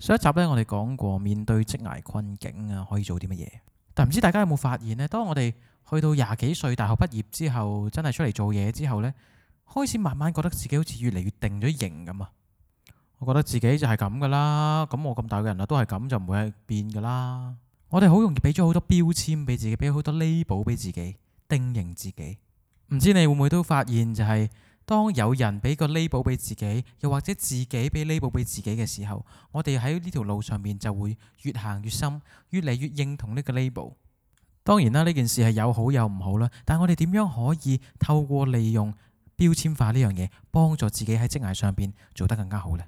上一集咧，我哋講過面對職涯困境啊，可以做啲乜嘢？但唔知大家有冇發現呢？當我哋去到廿幾歲、大學畢業之後，真係出嚟做嘢之後呢，開始慢慢覺得自己好似越嚟越定咗型咁啊！我覺得自己就係咁噶啦，咁我咁大個人啦，都係咁就唔會係變噶啦。我哋好容易俾咗好多標籤俾自己，俾好多 label 俾自己，定型自己。唔知你會唔會都發現就係？當有人俾個 label 俾自己，又或者自己俾 label 俾自己嘅時候，我哋喺呢條路上面就會越行越深，越嚟越認同呢個 label。當然啦，呢件事係有好有唔好啦。但我哋點樣可以透過利用標籤化呢樣嘢，幫助自己喺職涯上邊做得更加好呢？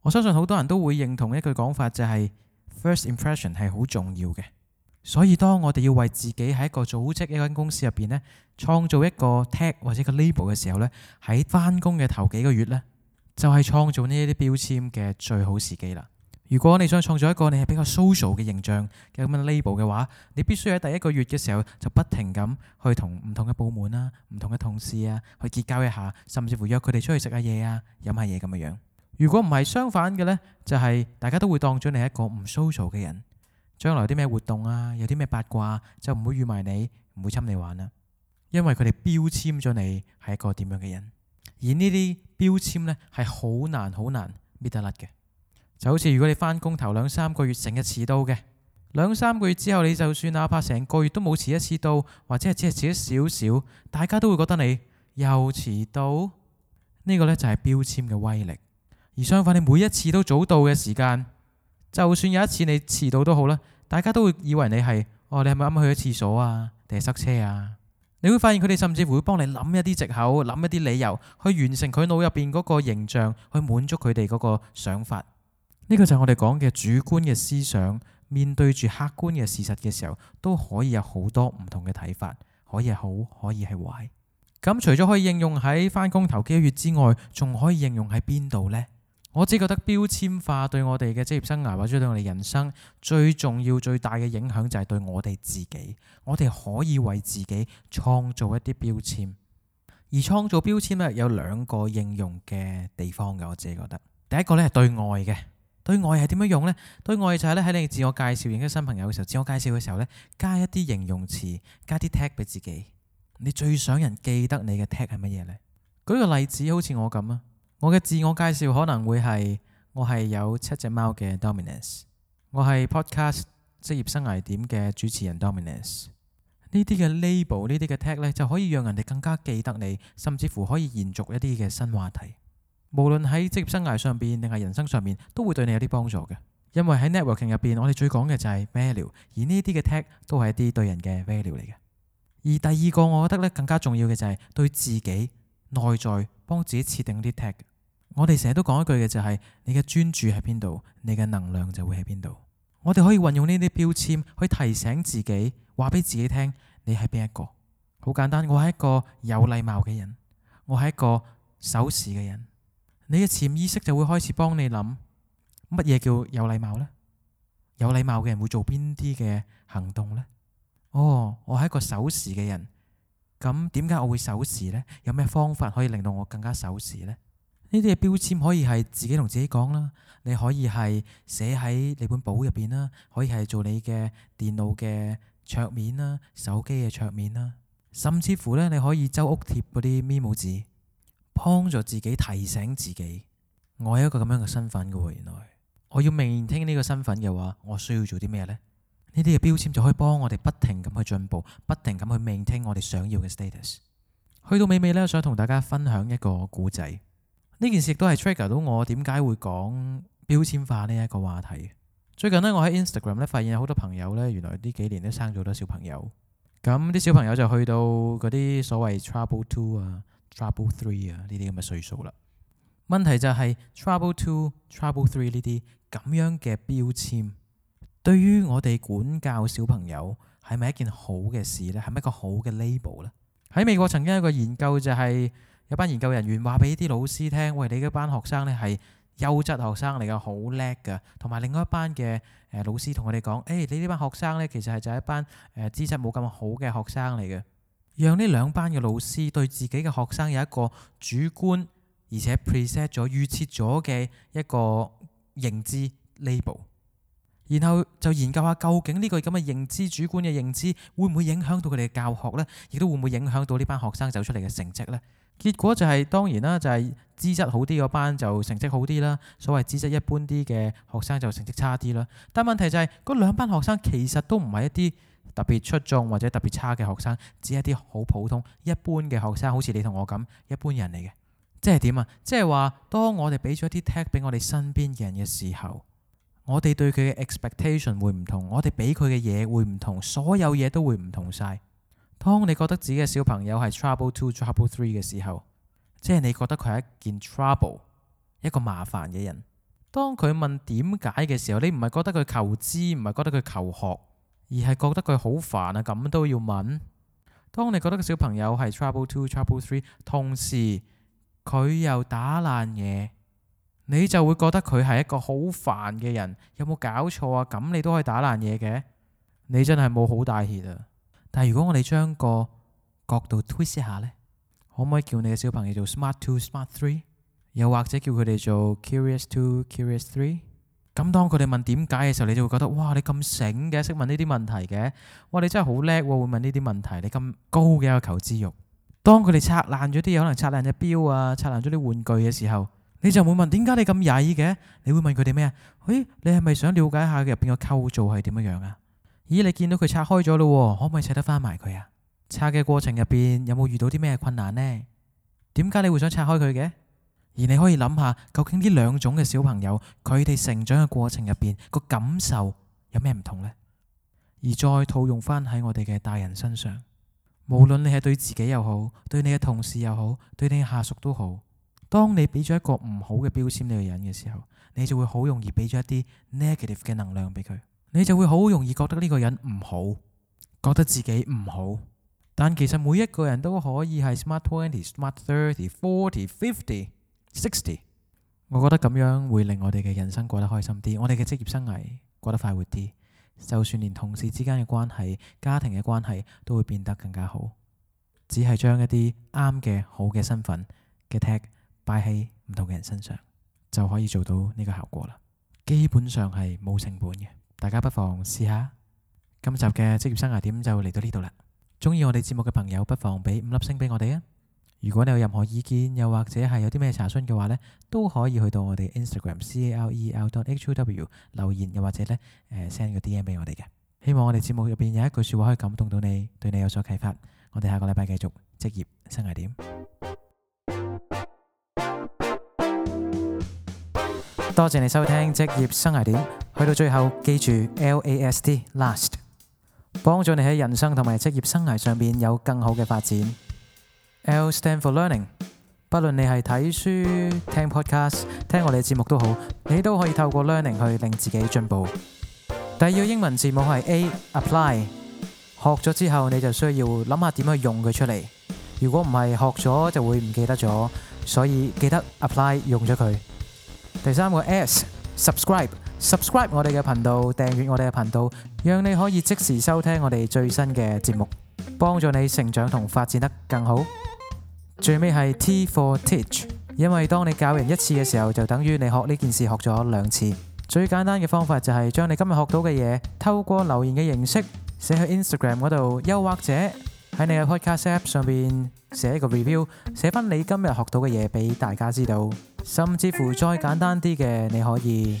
我相信好多人都會認同一句講法，就係 first impression 係好重要嘅。所以，當我哋要為自己喺一個組織、一間公司入邊咧，創造一個 tag 或者個 label 嘅時候呢，喺翻工嘅頭幾個月呢，就係創造呢啲標籤嘅最好時機啦。如果你想創造一個你係比較 social 嘅形象嘅咁嘅 label 嘅話，你必須喺第一個月嘅時候就不停咁去同唔同嘅部門啊、唔同嘅同事啊去結交一下，甚至乎約佢哋出去食下嘢啊、飲下嘢咁嘅樣。如果唔係相反嘅呢，就係大家都會當咗你係一個唔 social 嘅人。將來啲咩活動啊，有啲咩八卦、啊、就唔會預埋你，唔會侵你玩啦、啊。因為佢哋標籤咗你係一個點樣嘅人，而呢啲標籤呢，係好難好難搣得甩嘅。就好似如果你返工頭兩三個月成日遲到嘅，兩三個月之後，你就算哪怕成個月都冇遲一次到，或者係只係遲咗少少，大家都會覺得你又遲到。呢、這個呢，就係標籤嘅威力。而相反，你每一次都早到嘅時間。就算有一次你遲到都好啦，大家都會以為你係哦，你係咪啱啱去咗廁所啊，定係塞車啊？你會發現佢哋甚至乎會幫你諗一啲藉口，諗一啲理由去完成佢腦入邊嗰個形象，去滿足佢哋嗰個想法。呢個就係我哋講嘅主觀嘅思想，面對住客觀嘅事實嘅時候，都可以有好多唔同嘅睇法，可以係好，可以係壞。咁除咗可以應用喺翻工頭幾個月之外，仲可以應用喺邊度呢？我只覺得標籤化對我哋嘅職業生涯或者對我哋人生最重要、最大嘅影響就係對我哋自己。我哋可以為自己創造一啲標籤，而創造標籤呢，有兩個應用嘅地方嘅。我自己覺得第一個呢係對外嘅，對外係點樣用呢？對外就係呢，喺你自我介紹認識新朋友嘅時候，自我介紹嘅時候呢，加一啲形容詞，加啲 tag 俾自己。你最想人記得你嘅 tag 係乜嘢呢？舉個例子，好似我咁啊。我嘅自我介紹可能會係我係有七隻貓嘅 Dominus，我係 Podcast 職業生涯點嘅主持人 Dominus。呢啲嘅 label，呢啲嘅 tag 呢，就可以讓人哋更加記得你，甚至乎可以延續一啲嘅新話題。無論喺職業生涯上邊定係人生上面，都會對你有啲幫助嘅。因為喺 Networking 入邊，我哋最講嘅就係 value，而呢啲嘅 tag 都係一啲對人嘅 value 嚟嘅。而第二個，我覺得呢更加重要嘅就係對自己內在，幫自己設定啲 tag。我哋成日都講一句嘅就係，你嘅專注喺邊度，你嘅能量就會喺邊度。我哋可以運用呢啲標籤，去提醒自己，話俾自己聽，你係邊一個？好簡單，我係一個有禮貌嘅人，我係一個守時嘅人。你嘅潛意識就會開始幫你諗，乜嘢叫有禮貌呢？有禮貌嘅人會做邊啲嘅行動呢？哦，我係一個守時嘅人，咁點解我會守時呢？有咩方法可以令到我更加守時呢？呢啲嘅標籤可以係自己同自己講啦，你可以係寫喺你本簿入邊啦，可以係做你嘅電腦嘅桌面啦、手機嘅桌面啦，甚至乎呢，你可以周屋貼嗰啲 memo 紙，幫助自己提醒自己，我有一個咁樣嘅身份嘅喎。原來我要 maintain 呢個身份嘅話，我需要做啲咩呢？呢啲嘅標籤就可以幫我哋不停咁去進步，不停咁去 maintain 我哋想要嘅 status。去到尾尾呢，我想同大家分享一個故仔。呢件事都係 trigger 到我點解會講標籤化呢一個話題？最近呢，我喺 Instagram 咧發現有好多朋友呢，原來呢幾年都生咗好多小朋友，咁啲小朋友就去到嗰啲所謂 trouble two 啊、trouble three 啊呢啲咁嘅歲數啦。問題就係 trouble two、trouble three 呢啲咁樣嘅標籤，對於我哋管教小朋友係咪一件好嘅事呢？係咪一個好嘅 label 呢？喺美國曾經有個研究就係，有班研究人員話俾啲老師聽，喂，你嗰班學生呢係優質學生嚟㗎，好叻㗎。同埋另外一班嘅誒老師同佢哋講，誒、欸、你呢班學生呢，其實係就係一班誒資質冇咁好嘅學生嚟嘅。讓呢兩班嘅老師對自己嘅學生有一個主觀而且 pre-set 咗預設咗嘅一個認知 label，然後就研究下究竟呢個咁嘅認知主觀嘅認知會唔會影響到佢哋嘅教學呢？亦都會唔會影響到呢班學生走出嚟嘅成績呢？結果就係當然啦，就係資質好啲嗰班就成績好啲啦，所謂資質一般啲嘅學生就成績差啲啦。但係問題就係嗰兩班學生其實都唔係一啲特別出眾或者特別差嘅學生，只係一啲好普通一般嘅學生，好似你同我咁一般人嚟嘅。即係點啊？即係話當我哋俾咗啲 tag 俾我哋身邊嘅人嘅時候，我哋對佢嘅 expectation 會唔同，我哋俾佢嘅嘢會唔同，所有嘢都會唔同晒。當你覺得自己嘅小朋友係 trouble two trouble three 嘅時候，即係你覺得佢係一件 trouble，一個麻煩嘅人。當佢問點解嘅時候，你唔係覺得佢求知，唔係覺得佢求學，而係覺得佢好煩啊！咁都要問。當你覺得個小朋友係 trouble two trouble three，同時佢又打爛嘢，你就會覺得佢係一個好煩嘅人。有冇搞錯啊？咁你都可以打爛嘢嘅，你真係冇好大氣啊！但係如果我哋將個角度 twist 一下呢，可唔可以叫你嘅小朋友做 smart two smart three，又或者叫佢哋做 curious two curious three？咁當佢哋問點解嘅時候，你就會覺得哇，你咁醒嘅，識問呢啲問題嘅，哇，你真係好叻喎，會問呢啲問題，你咁高嘅一個求知欲。當佢哋拆爛咗啲嘢，可能拆爛隻錶啊，拆爛咗啲玩具嘅時候，你就會問點解你咁曳嘅？你會問佢哋咩啊？誒、欸，你係咪想了解下入邊個構造係點樣啊？咦，你見到佢拆開咗咯？可唔可以拆得翻埋佢啊？拆嘅過程入邊有冇遇到啲咩困難呢？點解你會想拆開佢嘅？而你可以諗下，究竟呢兩種嘅小朋友，佢哋成長嘅過程入邊個感受有咩唔同呢？而再套用翻喺我哋嘅大人身上，無論你係對自己又好，對你嘅同事又好，對你嘅下屬都好，當你俾咗一個唔好嘅標籤，你個人嘅時候，你就會好容易俾咗一啲 negative 嘅能量俾佢。你就會好容易覺得呢個人唔好，覺得自己唔好。但其實每一個人都可以係 smart twenty、smart thirty、forty、fifty、sixty。我覺得咁樣會令我哋嘅人生過得開心啲，我哋嘅職業生涯過得快活啲。就算連同事之間嘅關係、家庭嘅關係都會變得更加好。只係將一啲啱嘅、好嘅身份嘅 tag 擺喺唔同嘅人身上，就可以做到呢個效果啦。基本上係冇成本嘅。大家不妨試下，今集嘅職業生涯點就嚟到呢度啦！中意我哋節目嘅朋友不妨俾五粒星俾我哋啊！如果你有任何意見，又或者係有啲咩查詢嘅話咧，都可以去到我哋 Instagram Career.how 留言，又或者咧，誒 send 個 DM 俾我哋嘅。希望我哋節目入邊有一句説話可以感動到你，對你有所啟發。我哋下個禮拜繼續職業生涯點。多謝你收聽職業生涯點。去到最後，記住 L A S T last，幫助你喺人生同埋職業生涯上面有更好嘅發展。L stand for learning，不論你係睇書、聽 podcast、聽我哋嘅節目都好，你都可以透過 learning 去令自己進步。第二個英文字母係 A apply，學咗之後你就需要諗下點去用佢出嚟。如果唔係學咗就會唔記得咗，所以記得 apply 用咗佢。第三個 S subscribe。subscribe 我哋嘅頻道，訂閱我哋嘅頻道，讓你可以即時收聽我哋最新嘅節目，幫助你成長同發展得更好。最尾係 T for Teach，因為當你教人一次嘅時候，就等於你學呢件事學咗兩次。最簡單嘅方法就係將你今日學到嘅嘢透過留言嘅形式寫去 Instagram 嗰度，又或者喺你嘅 Podcast App 上面寫一個 review，寫翻你今日學到嘅嘢俾大家知道。甚至乎再簡單啲嘅，你可以。